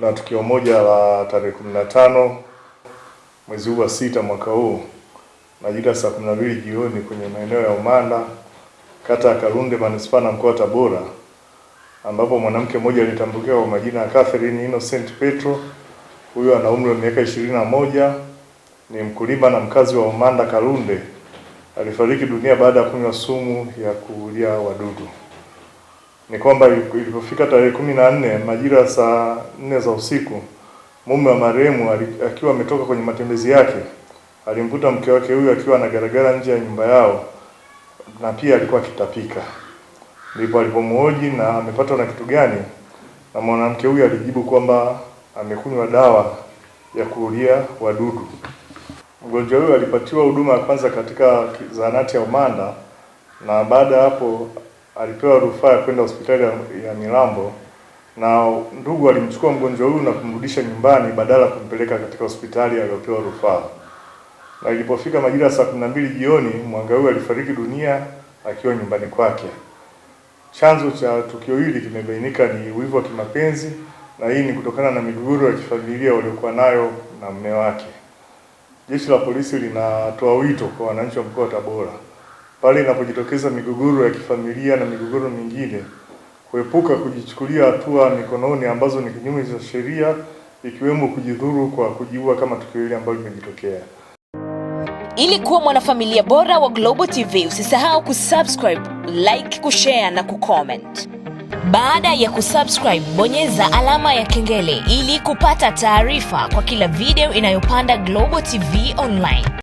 na tukio moja la tarehe 15 mwezi huu wa sita mwaka huu majira saa 12 jioni kwenye maeneo ya Umanda kata ya Kalunde manispaa na mkoa wa Tabora ambapo mwanamke mmoja alitambukiwa kwa majina ya Catherine Innocent Petro. Huyu ana umri wa miaka ishirini na moja, ni mkulima na mkazi wa Umanda karunde Alifariki dunia baada ya kunywa sumu ya kuulia wadudu ni kwamba ilipofika tarehe kumi na nne majira saa nne za usiku mume wa marehemu akiwa ametoka kwenye matembezi yake alimkuta mke wake huyu akiwa anagaragara nje ya nyumba yao na pia alikuwa akitapika. Ndipo alipomhoji na amepatwa na kitu gani, na mwanamke huyu alijibu kwamba amekunywa dawa ya kuulia wadudu. Mgonjwa huyu alipatiwa huduma ya kwanza katika zahanati ya Umanda na baada ya hapo alipewa rufaa ya kwenda hospitali ya Milambo na ndugu alimchukua mgonjwa huyu na kumrudisha nyumbani badala ya kumpeleka katika hospitali aliyopewa rufaa. Na ilipofika majira ya saa kumi na mbili jioni, mwanga huyu alifariki dunia akiwa nyumbani kwake. Chanzo cha tukio hili kimebainika ni wivu wa kimapenzi, na hii ni kutokana na migogoro ya kifamilia waliokuwa nayo na mme wake. Jeshi la polisi linatoa wito kwa wananchi wa mkoa wa Tabora pale inapojitokeza migogoro ya kifamilia na migogoro mingine, kuepuka kujichukulia hatua mikononi ambazo ni kinyume cha sheria, ikiwemo kujidhuru kwa kujiua kama tukio hili ambalo limejitokea. Ili kuwa mwanafamilia bora wa Global TV, usisahau kusubscribe, like, kushare na kucomment. Baada ya kusubscribe, bonyeza alama ya kengele ili kupata taarifa kwa kila video inayopanda Global TV Online.